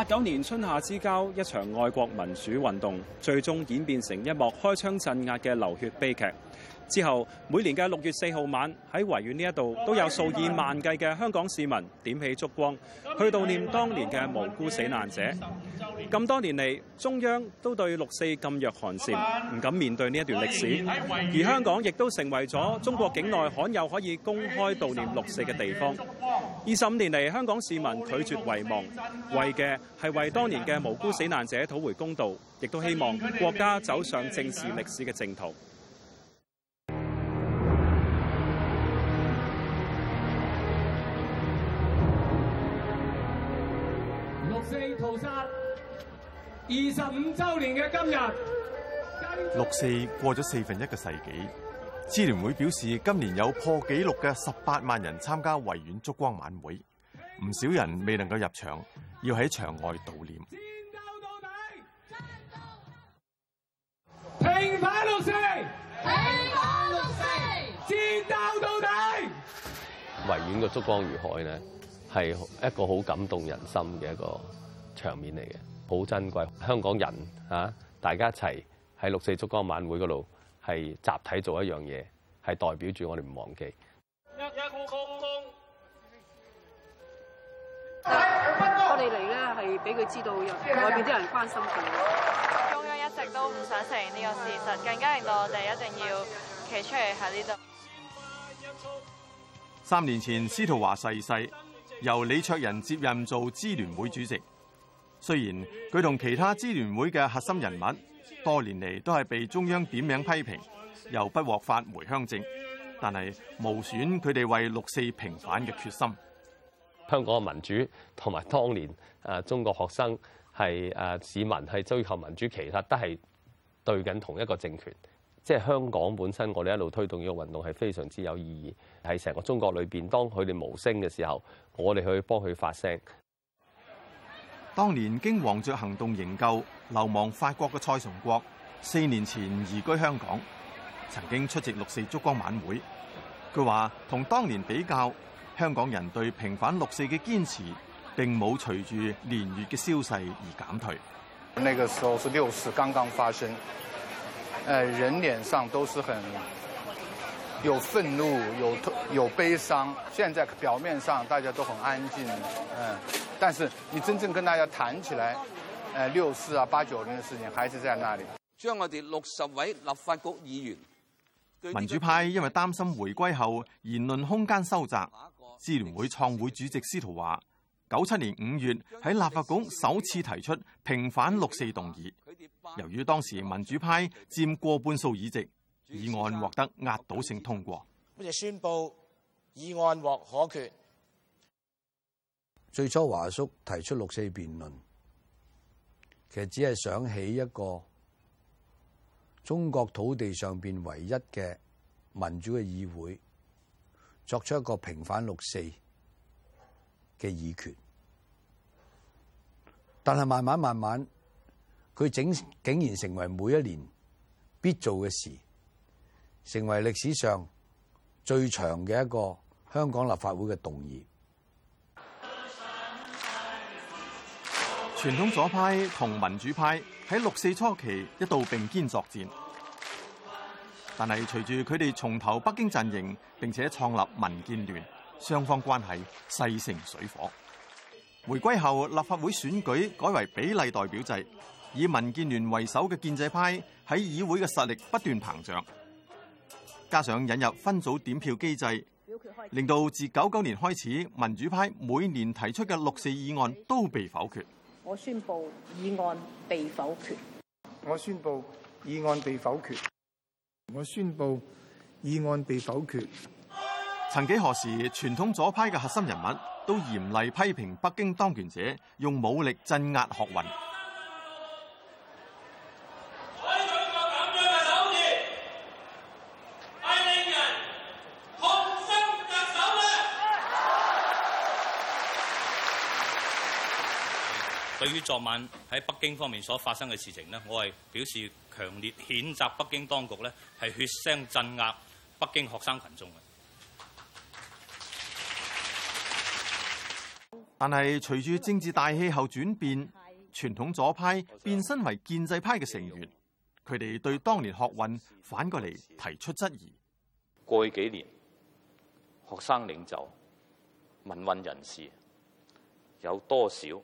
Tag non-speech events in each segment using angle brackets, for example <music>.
八九年春夏之交，一場愛國民主運動，最終演變成一幕開槍鎮壓嘅流血悲劇。之後，每年嘅六月四號晚喺維園呢一度都有數以萬計嘅香港市民點起燭光，去悼念當年嘅無辜的死難者。咁多年嚟，中央都對六四噤若寒蟬，唔敢面對呢一段歷史，而香港亦都成為咗中國境內罕有可以公開悼念六四嘅地方。二十五年嚟，香港市民拒絕遺忘，為嘅係為當年嘅無辜死難者討回公道，亦都希望國家走上正視歷史嘅正途。二十五周年嘅今日，六四過咗四分一嘅世紀，支聯會表示今年有破紀錄嘅十八萬人參加維園燭光晚會，唔少人未能夠入場，要喺場外悼念。戰鬥到，到底，平反六四，平反六四，戰鬥到底。維園嘅燭光如海呢，係一個好感動人心嘅一個。場面嚟嘅，好珍貴。香港人嚇，大家一齊喺六四燭光晚會嗰度係集體做一樣嘢，係代表住我哋唔忘記。來來我哋嚟咧係俾佢知道，外邊啲人關心佢。中央一直都唔想承認呢個事實，更加令到我哋一定要企出嚟喺呢度。三年前，司徒華逝世，世，由李卓人接任做支聯會主席。雖然佢同其他支聯會嘅核心人物多年嚟都係被中央點名批評，又不獲發回鄉證，但係無損佢哋為六四平反嘅決心。香港嘅民主同埋當年誒、啊、中國學生係誒、啊、市民係追求民主，其實都係對緊同一個政權。即、就、係、是、香港本身，我哋一路推動呢個運動係非常之有意義。喺成個中國裏邊，當佢哋無聲嘅時候，我哋去幫佢發聲。當年經黃雀行動營救流亡法國嘅蔡崇國，四年前移居香港，曾經出席六四燭光晚會。佢話同當年比較，香港人對平反六四嘅堅持，並冇隨住年月嘅消逝而減退。那個時候是六四剛剛發生，誒，人臉上都是很有憤怒、有有悲傷。現在表面上大家都很安靜，但是你真正跟大家談起來，誒，六四啊八九零的事情還是在那裏。將我哋六十位立法局議員民主派因為擔心回歸後言論空間收窄，支聯會創會主席司徒華九七年五月喺立法局首次提出平反六四動議。由於當時民主派佔過半數議席，議案獲得壓倒性通過。乜嘢宣布議案獲可決。最初華叔提出六四辯論，其實只係想起一個中國土地上邊唯一嘅民主嘅議會作出一個平反六四嘅議決。但係慢慢慢慢，佢整竟然成為每一年必做嘅事，成為歷史上最長嘅一個香港立法會嘅動議。傳統左派同民主派喺六四初期一度並肩作戰，但係隨住佢哋重投北京陣營，並且創立民建聯，雙方關係勢成水火。回歸後，立法會選舉改為比例代表制，以民建聯為首嘅建制派喺議會嘅實力不斷膨脹，加上引入分組點票機制，令到自九九年開始，民主派每年提出嘅六四議案都被否決。我宣布議案被否決。我宣布議案被否決。我宣布議案被否決。曾幾何時，傳統左派嘅核心人物都嚴厲批評北京當權者用武力鎮壓學運。於昨晚喺北京方面所發生嘅事情咧，我係表示強烈譴責北京當局咧係血腥鎮壓北京學生群眾嘅。但係隨住政治大氣候轉變，傳統左派變身為建制派嘅成員，佢哋對當年學運反過嚟提出質疑。過去幾年，學生領袖、民運人士有多少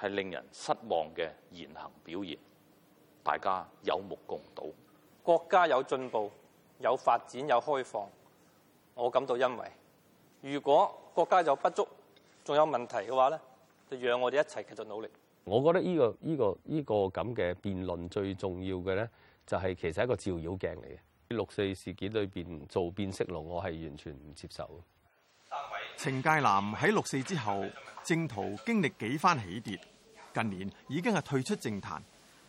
係令人失望嘅言行表現，大家有目共睹。國家有進步，有發展，有開放，我感到欣慰。如果國家有不足，仲有問題嘅話咧，就讓我哋一齊繼續努力。我覺得呢個、呢個、呢個咁嘅辯論，最重要嘅咧，就係其實係一個照妖鏡嚟嘅。六四事件裏邊做變色龍，我係完全唔接受。程介南喺六四之後政途經歷幾番起跌，近年已經係退出政壇。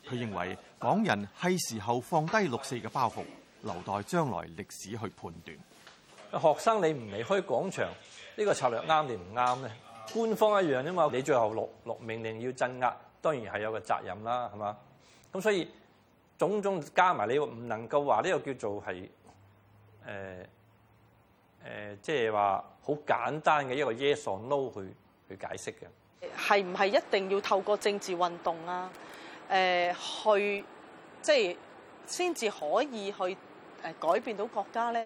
佢認為港人係時候放低六四嘅包袱，留待將來歷史去判斷。學生你唔離開廣場呢個策略啱定唔啱呢？官方一樣啫嘛，你最後落落命令要鎮壓，當然係有個責任啦，係嘛？咁所以種種加埋，你唔能夠話呢個叫做係誒。呃誒，即係話好簡單嘅一個 yes or no 去去解釋嘅係唔係一定要透過政治運動啊？誒，去即係先至可以去誒改變到國家咧。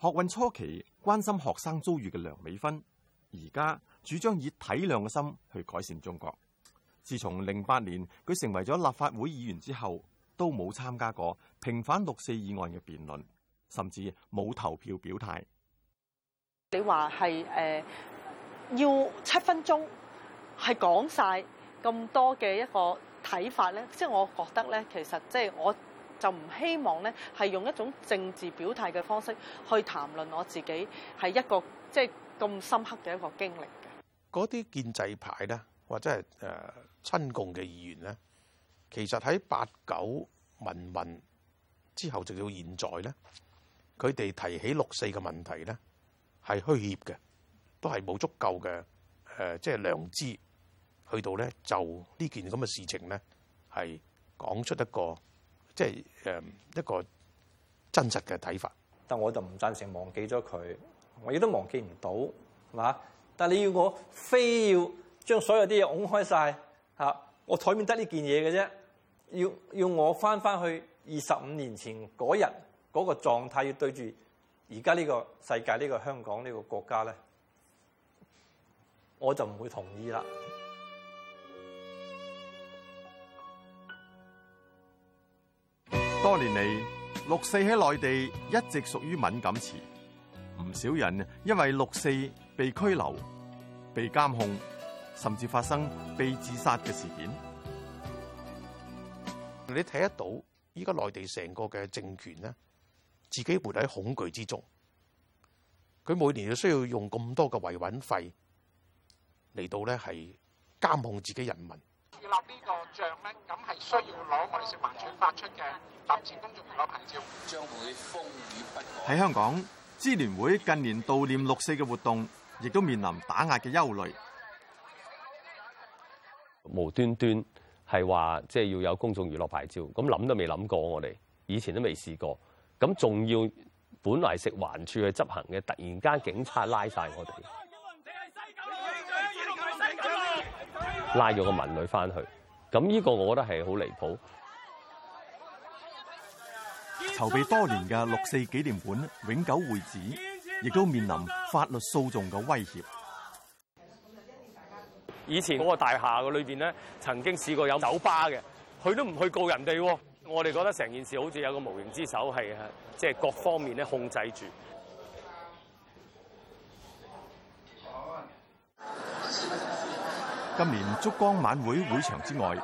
學運初期關心學生遭遇嘅梁美芬，而家主張以體諒嘅心去改善中國。自從零八年佢成為咗立法會議員之後，都冇參加過平反六四議案嘅辯論，甚至冇投票表態。你話係誒，要七分鐘係講晒咁多嘅一個睇法咧，即係我覺得咧，其實即係我就唔希望咧係用一種政治表態嘅方式去談論我自己係一個即係咁深刻嘅一個經歷嘅。嗰啲建制派咧，或者係誒親共嘅議員咧，其實喺八九民運之後，直到現在咧，佢哋提起六四嘅問題咧係虛怯嘅，都係冇足夠嘅誒、呃，即係良知去到咧，就呢件咁嘅事情咧，係講出一個即係誒、呃、一個真實嘅睇法。但我就唔贊成忘記咗佢，我亦都忘記唔到，係嘛？但你要我非要將所有啲嘢掹開晒，嚇，我台面得呢件嘢嘅啫。要要我翻翻去二十五年前嗰日嗰個狀態，要對住。而家呢個世界、呢個香港、呢個國家咧，我就唔會同意啦。多年嚟，六四喺內地一直屬於敏感詞，唔少人因為六四被拘留、被監控，甚至發生被自殺嘅事件。你睇得到，依家內地成個嘅政權咧。自己活喺恐懼之中，佢每年都需要用咁多嘅維穩費嚟到咧，係監控自己人民。立呢個帳咧，咁係需要攞食環署發出嘅臨時公眾娛樂牌照，將會風雨不改。喺香港，支聯會近年悼念六四嘅活動，亦都面臨打壓嘅憂慮。無端端係話，即係要有公眾娛樂牌照，咁諗都未諗過，我哋以前都未試過。咁仲要本來食環處去執行嘅，突然間警察拉晒我哋，拉咗個民女翻去。咁呢個我覺得係好離譜。籌備多年嘅六四紀念館永久會址，亦都面臨法律訴訟嘅威脅。以前嗰個大廈嘅裏面咧，曾經試過有酒吧嘅，佢都唔去告人哋喎。我哋覺得成件事好似有個無形之手，係即係各方面咧控制住。今年燭光晚會會場之外，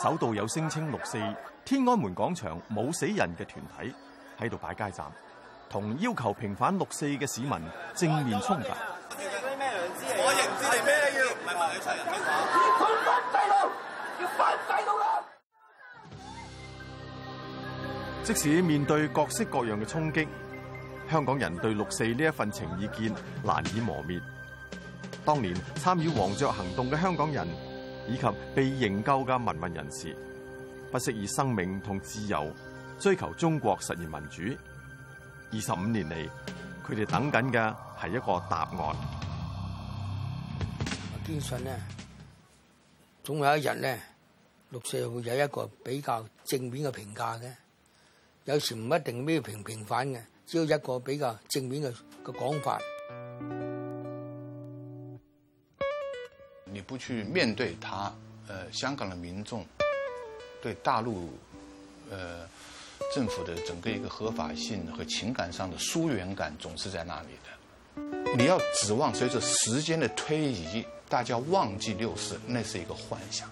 首度有聲稱六四天安門廣場冇死人嘅團體喺度擺街站，同要求平反六四嘅市民正面衝突。即使面對各式各樣嘅衝擊，香港人對六四呢一份情意見難以磨滅。當年參與黃雀行動嘅香港人，以及被營救嘅民運人士，不惜以生命同自由追求中國實現民主。二十五年嚟，佢哋等緊嘅係一個答案。我堅信咧，總有一日咧，六四會有一個比較正面嘅評價嘅。有時唔一定咩平平反嘅，只有一個比較正面嘅個講法。你不去面對他，呃，香港嘅民眾對大陸呃，政府嘅整個一個合法性，和情感上的疏遠感，總是在那裏的。你要指望隨着時間的推移，大家忘記六四，那是一個幻想。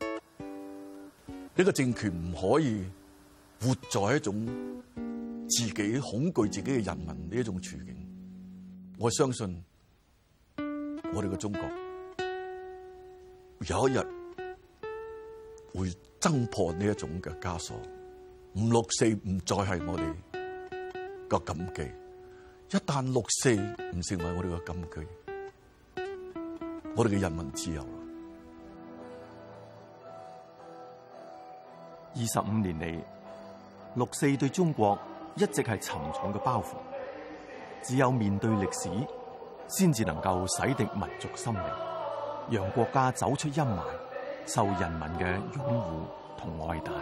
呢、這個政權唔可以。活在一種自己恐懼自己嘅人民呢一種處境，我相信我哋嘅中國有一日會掙破呢一種嘅枷鎖。五六四唔再係我哋個禁忌，一旦六四唔成為我哋個禁忌，我哋嘅人民自由。二十五年嚟。六四對中國一直係沉重嘅包袱，只有面對歷史，先至能夠洗滌民族心靈，讓國家走出陰霾，受人民嘅擁護同愛戴。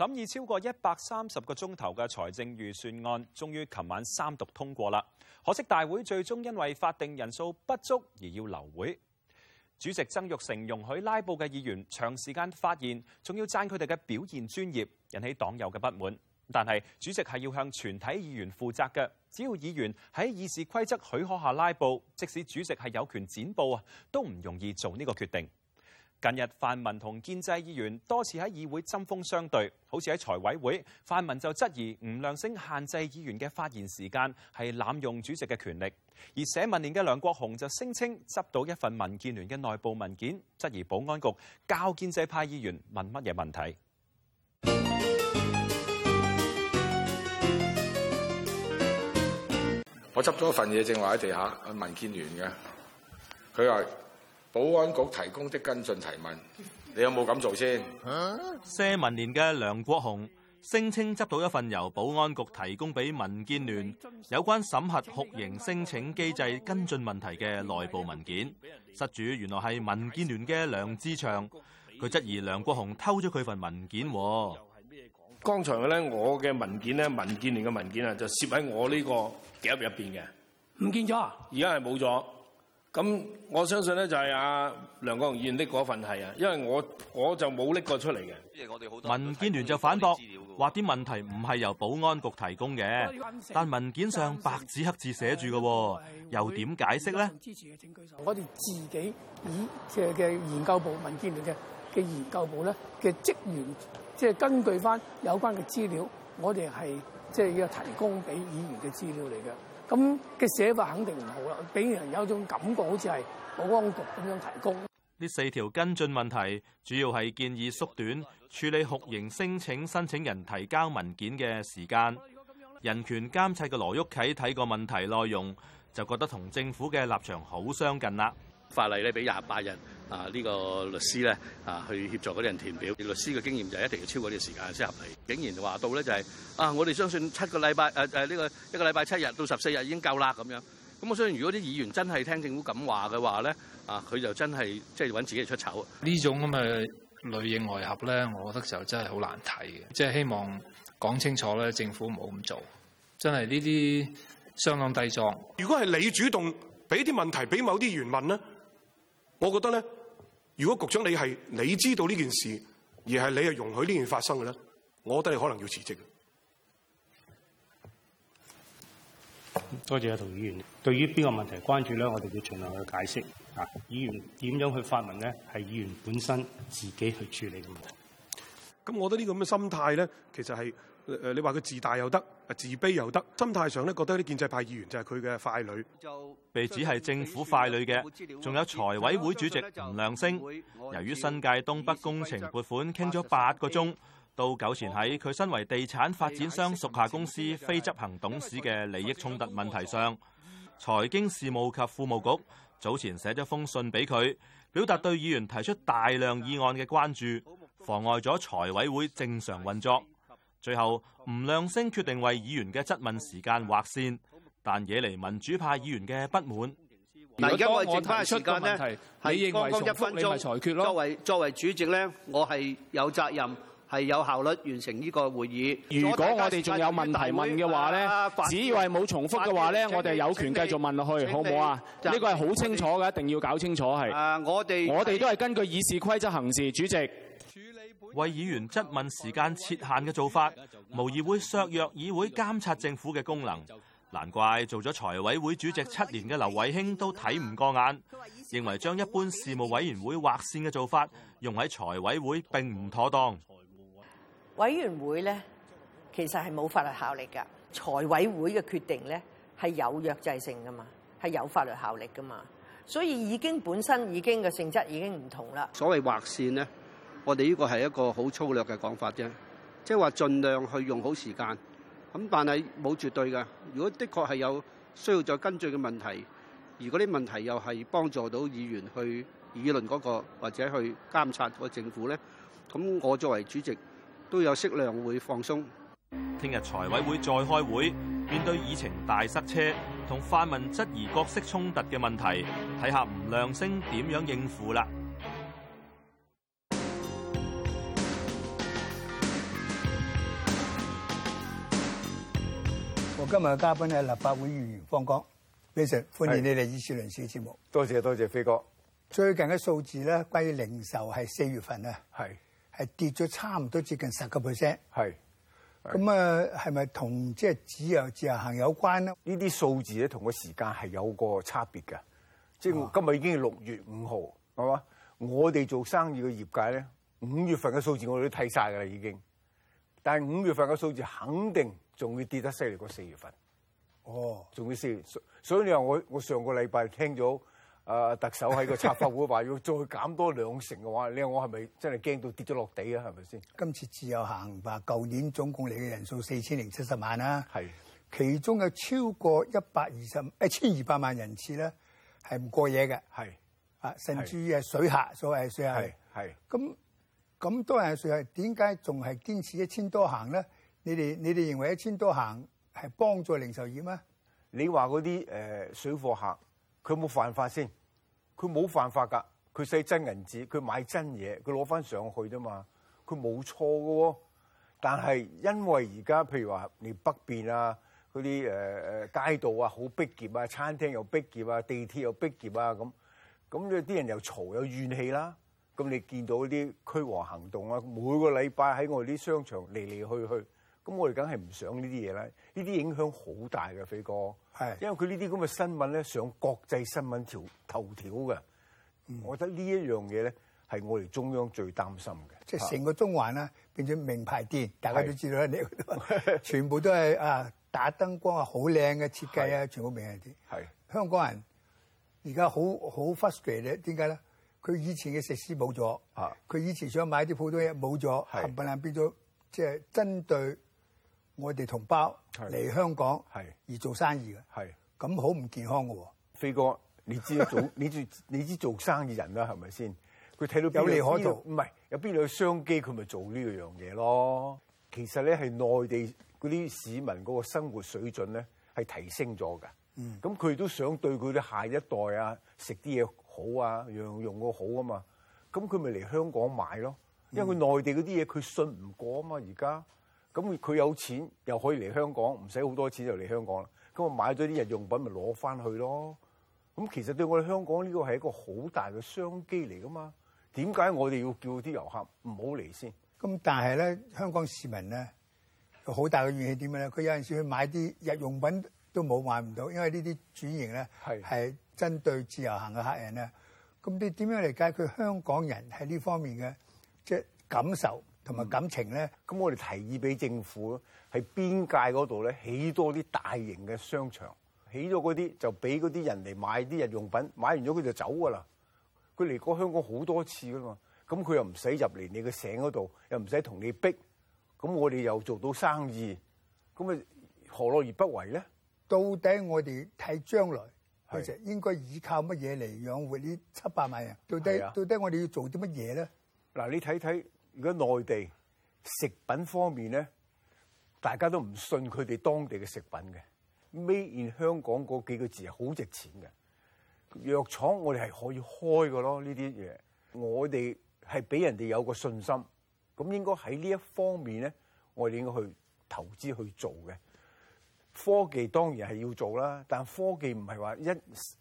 審議超過一百三十個鐘頭嘅財政預算案，終於琴晚三讀通過啦。可惜大會最終因為法定人數不足而要流會。主席曾鈺成容許拉布嘅議員長時間發言，仲要讚佢哋嘅表現專業，引起黨友嘅不滿。但係主席係要向全體議員負責嘅，只要議員喺議事規則許可下拉布，即使主席係有權剪布啊，都唔容易做呢個決定。近日，泛民同建制議員多次喺議會針鋒相對，好似喺財委會，泛民就質疑吳亮星限制議員嘅發言時間，係濫用主席嘅權力；而社民連嘅梁國雄就聲稱執到一份民建聯嘅內部文件，質疑保安局教建制派議員問乜嘢問題。我執咗份嘢，正話喺地下，民建聯嘅，佢話。保安局提供的跟進提問，你有冇咁做先？嗯，社民聯嘅梁國雄聲稱執到一份由保安局提供俾民建聯有關審核酷刑申請機制跟進問題嘅內部文件，失主原來係民建聯嘅梁志祥，佢質疑梁國雄偷咗佢份文件。剛才嘅咧，我嘅文件咧，民建聯嘅文件啊，就攝喺我呢個夾入邊嘅，唔見咗啊？而家係冇咗。咁我相信咧就係阿梁國雄議員的嗰份係啊。因為我我就冇拎過出嚟嘅。民建聯就反駁，話啲問題唔係由保安局提供嘅，但文件上白紙黑字寫住嘅，又點解釋咧？我哋自己以嘅嘅研究部，民建聯嘅嘅研究部咧嘅職員，即係根據翻有關嘅資料，我哋係即係要提供俾議員嘅資料嚟嘅。咁嘅寫法肯定唔好啦，俾人有一種感覺好似係保安局咁樣提供。呢四條跟進問題，主要係建議縮短處理酷刑申請申請人提交文件嘅時間。人權監察嘅羅旭啟睇過問題內容，就覺得同政府嘅立場好相近啦。法例咧俾廿八日啊，呢、這個律師咧啊去協助嗰啲人填表。律師嘅經驗就係一定要超過呢個時間先合理。竟然話到咧就係、是、啊，我哋相信七個禮拜，誒誒呢個一個禮拜七日到十四日已經夠啦咁樣。咁我相信如果啲議員真係聽政府咁話嘅話咧啊，佢就真係即係揾自己出醜。呢種咁嘅內應外合咧，我覺得就真係好難睇嘅。即、就、係、是、希望講清楚咧，政府唔好咁做。真係呢啲相當低作。如果係你主動俾啲問題俾某啲議員問咧？我覺得咧，如果局長你係你知道呢件事，而係你係容許呢件發生嘅咧，我覺得你可能要辭職嘅。多謝阿陶議員。對於邊個問題關注咧，我哋要盡量去解釋。啊，議員點樣去發問咧，係議員本身自己去處理嘅。咁，我覺得呢個咁嘅心態咧，其實係。誒，你話佢自大又得，自卑又得，心態上咧覺得啲建制派議員就係佢嘅傀儡，被指係政府傀儡嘅。仲有財委會主席吳亮星，由於新界東北工程撥款傾咗八個鐘，到糾纏喺佢身為地產發展商屬下公司非執行董事嘅利益衝突問題上，財經事務及庫務局早前寫咗封信俾佢，表達對議員提出大量議案嘅關注，妨礙咗財委會正常運作。最後，吳亮星決定為議員嘅質問時間劃線，但惹嚟民主派議員嘅不滿。而家我的時間提出個問題，你認為重複你係裁決咯？作為作為主席呢，我係有責任。係有效率完成呢個會議。如果我哋仲有問題問嘅話呢，只要係冇重複嘅話呢，我哋有權繼續問落去，好唔好啊？呢、呢個係好清楚嘅，一定要搞清楚係、啊。我哋我哋都係根據議事規則行事，主席。處理議員質問時間設限嘅做法，無疑會削弱議會監察政府嘅功能。難怪做咗財委會主席七年嘅劉慧卿都睇唔過眼，認為將一般事務委員會劃線嘅做法用喺財委會並唔妥當。委員會咧，其實係冇法律效力㗎。財委會嘅決定咧係有約制性㗎嘛，係有法律效力㗎嘛，嘛。所以已經本身已經嘅性質已經唔同啦。所謂劃線咧，我哋呢個係一個好粗略嘅講法啫，即係話盡量去用好時間。咁但係冇絕對㗎。如果的確係有需要再根據嘅問題，如果啲問題又係幫助到議員去議論嗰個或者去監察個政府咧，咁我作為主席。都有適量會放鬆。聽日財委會再開會，面對議程大塞車同泛民質疑角色衝突嘅問題，睇下吳亮星點樣應付啦。我今日嘅嘉賓係，立法會議員方剛，非常歡迎你哋《議事論事》嘅節目。多謝多謝飛哥。最近嘅數字咧，關於零售係四月份啊，係。誒跌咗差唔多接近十個 percent，係咁啊，係咪同即係自由自由行有關咧？呢啲數字咧同個時間係有個差別嘅，即係今日已經係六月五號，係、哦、嘛？我哋做生意嘅業界咧，五月份嘅數字我哋都睇晒㗎啦，已經。但係五月份嘅數字肯定仲會跌得犀利過四月份。哦，仲會少，所以你話我我上個禮拜聽咗。誒特首喺個策劃會話要再減多兩成嘅話，你我係咪真係驚到跌咗落地啊？係咪先？今次自由行話，舊年總共嚟嘅人數四千零七十萬啦，係其中有超過一百二十一千二百萬人次咧，係唔過夜嘅，係啊，甚至於係水客所謂水客，係咁咁多人水客點解仲係堅持一千多行咧？你哋你哋認為一千多行係幫助零售業咩？你話嗰啲誒水貨客佢冇犯法先？佢冇犯法㗎，佢使真銀紙，佢買真嘢，佢攞翻上去啫嘛，佢冇錯嘅喎。但係因為而家譬如話你北邊啊，嗰啲誒誒街道啊好逼夾啊，餐廳又逼夾啊，地鐵又逼夾啊咁，咁有啲人又嘈又怨氣啦。咁你見到啲驅蝗行動啊，每個禮拜喺我哋啲商場嚟嚟去去。咁我哋梗係唔想呢啲嘢啦，呢啲影響好大嘅飛哥，因為佢呢啲咁嘅新聞咧上國際新聞條頭條嘅。嗯、我覺得這呢一樣嘢咧係我哋中央最擔心嘅。即係成個中環啦，變咗名牌店，大家都知道喺你 <laughs> 全部都係啊打燈光啊好靚嘅設計啊，全部名牌店。是的是的香港人而家好好 fussy 咧，點解咧？佢以前嘅食肆冇咗，佢以前想買啲普通嘢冇咗，冚唪唥變咗即係針對。外地同胞嚟香港而做生意嘅，咁好唔健康嘅喎，飛哥，你知做， <laughs> 你知你知做生意人啦，係咪先？佢睇到有利可圖唔係有邊度有，有，有商機，佢咪做呢樣嘢咯？其實咧，係內地嗰啲市民嗰個生活水準咧，係提升咗㗎。咁、嗯、佢都想對佢哋下一代啊，食啲嘢好啊，用用個好啊嘛。咁佢咪嚟香港買咯，因為佢內地嗰啲嘢佢信唔過啊嘛，而家。咁佢有錢又可以嚟香港，唔使好多錢就嚟香港啦。咁我買咗啲日用品咪攞翻去咯。咁其實對我哋香港呢個係一個好大嘅商機嚟噶嘛。點解我哋要叫啲遊客唔好嚟先？咁但係咧，香港市民咧，好大嘅怨氣點樣咧？佢有陣時去買啲日用品都冇買唔到，因為主呢啲轉型咧係針對自由行嘅客人咧。咁你點樣嚟解決香港人喺呢方面嘅即、係、感受？同埋感情咧，咁、嗯、我哋提議俾政府喺邊界嗰度咧，起多啲大型嘅商場，起咗嗰啲就俾嗰啲人嚟買啲日用品，買完咗佢就走㗎啦。佢嚟過香港好多次㗎嘛，咁佢又唔使入嚟你嘅城嗰度，又唔使同你逼，咁我哋又做到生意，咁咪何樂而不為咧？到底我哋睇將來其實應該依靠乜嘢嚟養活呢七百萬人？到底、啊、到底我哋要做啲乜嘢咧？嗱，你睇睇。如果內地食品方面咧，大家都唔信佢哋當地嘅食品嘅，Made in 香港嗰幾個字係好值錢嘅。藥廠我哋係可以開嘅咯，呢啲嘢我哋係俾人哋有個信心。咁應該喺呢一方面咧，我哋應該去投資去做嘅。科技當然係要做啦，但係科技唔係話一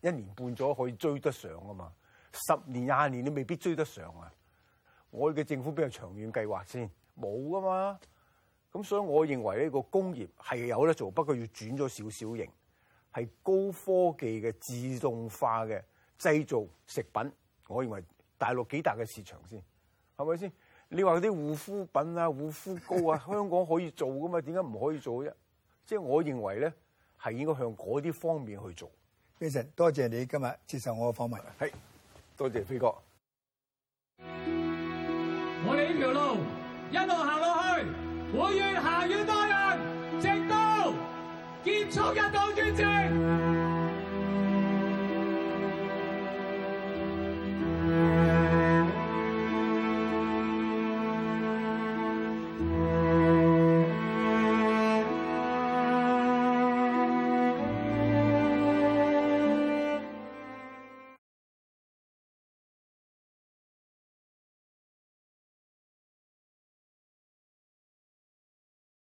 一年半載可以追得上啊嘛，十年廿年都未必追得上啊。我哋嘅政府邊有長遠計劃先？冇噶嘛？咁所以我認為呢個工業係有得做，不過要轉咗少少型，係高科技嘅自動化嘅製造食品。我認為大陸幾大嘅市場先，係咪先？你話啲護膚品啊、護膚膏啊， <laughs> 香港可以做噶嘛？點解唔可以做啫？即係我認為咧，係應該向嗰啲方面去做。飛神，多謝你今日接受我嘅訪問。係，多謝飛哥。我哋呢條路一路行落去，會越行越多人，直到結束日當圓寂。